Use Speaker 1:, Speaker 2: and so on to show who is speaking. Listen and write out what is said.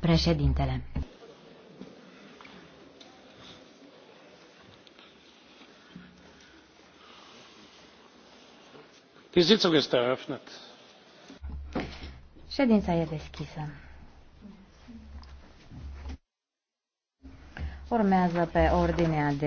Speaker 1: Președintele.
Speaker 2: Ședința e deschisă. Urmează
Speaker 3: pe ordinea de